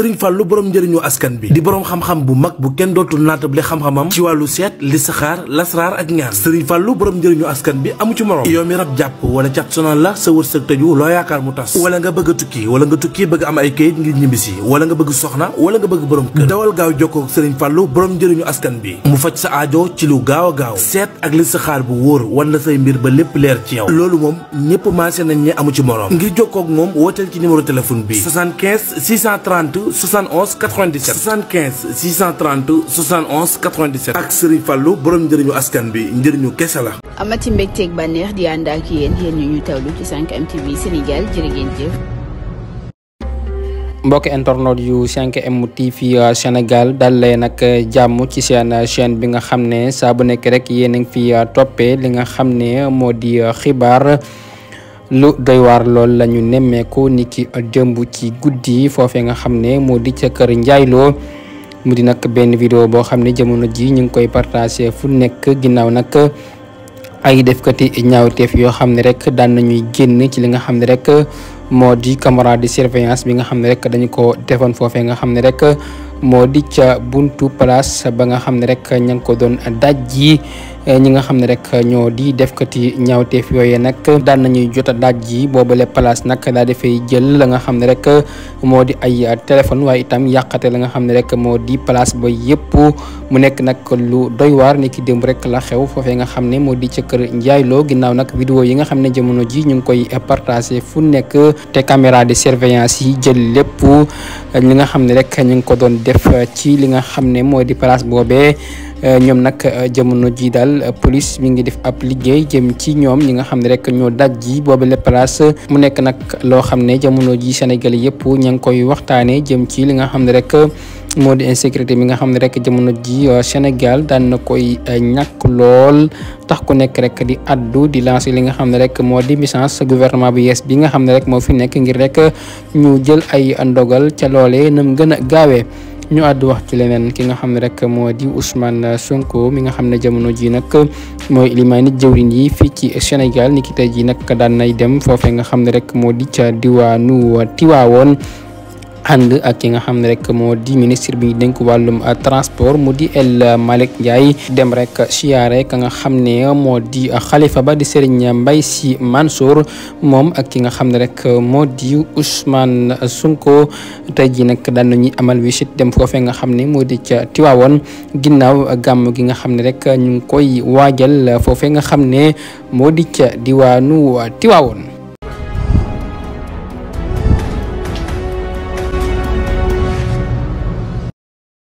sëriñ fàllu borom njëriñu askan bi di borom xam-xam bu mag bu kenn dootul naatable xam-xamam ci wàllu seet listixaar lasraar ak ñaan sëriñ fàllu borom njëriñu askan bi amu ci morom yow mi rab jàpp wala cat sonal la sa wërsëg tëju loo yaakaar mu tas wala nga bëgg a tukki nga tukki bëgg am ay kayit ngir ñibbisi wala nga bëgg soxna wala nga bëgg borom kër dawal gaaw jokkoo ak sëriñ fàllu borom njëriñu askan bi mu faj sa aajo ci lu gaaw a gaaw seet ak listixaar bu wóor wan la say mbir ba lépp leer ci yow loolu moom ñëpp maase nañ ñi amu ci morom ngir jokkoo ak moom wooteel ci numéro téléphone bi 75 630 71 97 75 630 71 97 ak Serigne Fallou borom njëriñu askan bi njëriñu kese la. amati mbégteeg bànneex di ànd ak yéen yéen ñu ñu tawlu ci 5M TV Sénégal jërë mbokk internet yu 5M TV euh, Sénégal dal leen nag euh, jàmm ci seen euh, chaîne bi nga xam ne saa bu nekk rek yéen a ngi fi toppee li nga xam ne moo di xibaar. lu doy waar lool la nemmeeku ni ki jëmb ci guddi foofe nga xam ne moo di ca kër njaayloo mu di nag benn vidéo boo xam ne jamono ji ñu ngi koy partagé fu nekk ginnaaw nag ay defkati ñaawteef yoo xam ne rek daan nañuy génn ci li nga xam ne rek moo di caméra de surveillance bi nga xam ne rek dañu ko defoon foofee nga xam ne rek moo di ca buntu place ba nga xam ne rek ña ngi ko doon daj ji ñi nga xam ne rek ñoo di defkati ñaawteef yooye nag daan nañuy jot a daj ji boobale place nag daa defay jël la nga xam ne rek moo di ay téléphone waaye itam yàqate la nga xam ne rek moo di place ba yëpp mu nekk nag lu doy waar ni ki démb rek la xew foofee nga xam ne moo di ca kër Ndiaye Lo ginnaaw nag vidéo yi nga xam ne jamono ji ñu ngi koy partagé fu nekk te caméra de surveillance yi jël lépp li nga xam ne rek ñu ngi ko doon def ci li nga xam ne moo di place boobee ñoom nag euh, jamono ji daal euh, police mi ngi def ab liggéey jëm ci ñoom ñi nga xam ne rek ñoo daj ji boobu la place mu nekk nag loo xam ne jamono ji Sénégal yëpp ña ngi koy waxtaanee jëm ci li nga xam ne rek euh, moo di insécurité mi nga xam ne rek jamono ji Sénégal daan na koy ñàkk lool tax ku nekk rek di addu di lancé li nga xam ne rek moo di message gouvernement bi yees bi nga xam ne rek moo fi nekk ngir rek ñu jël ay ndogal ca loolee nam gën a gaawee ñu àddu wax ci leneen ki nga xam ne rek moo di Ousmane Sonko mi nga xam ne jamono ji nag mooy limaani jëwriñ yi fii ci Sénégal ni ki tey ji nag daan nay dem foofe nga xam ne rek moo di ca diwaanu Tiwaawoon ànd ak ki nga xam ne rek moo di ministre bi ñu dénk wàllum transport mu di El Malick Ndiaye dem rek siyaare ka nga xam ne moo di xalifa ba di Serigne Mbaye Sy Mansour moom ak ki nga xam ne rek moo di Ousmane sunko tey jii nag daan nañuy amal visite dem foofe nga xam ne moo di ca Tiwaawoon ginnaaw gàmm gi nga xam ne rek ñu ngi koy waajal foofee nga xam ne moo di ca diwaanu Tiwaawoon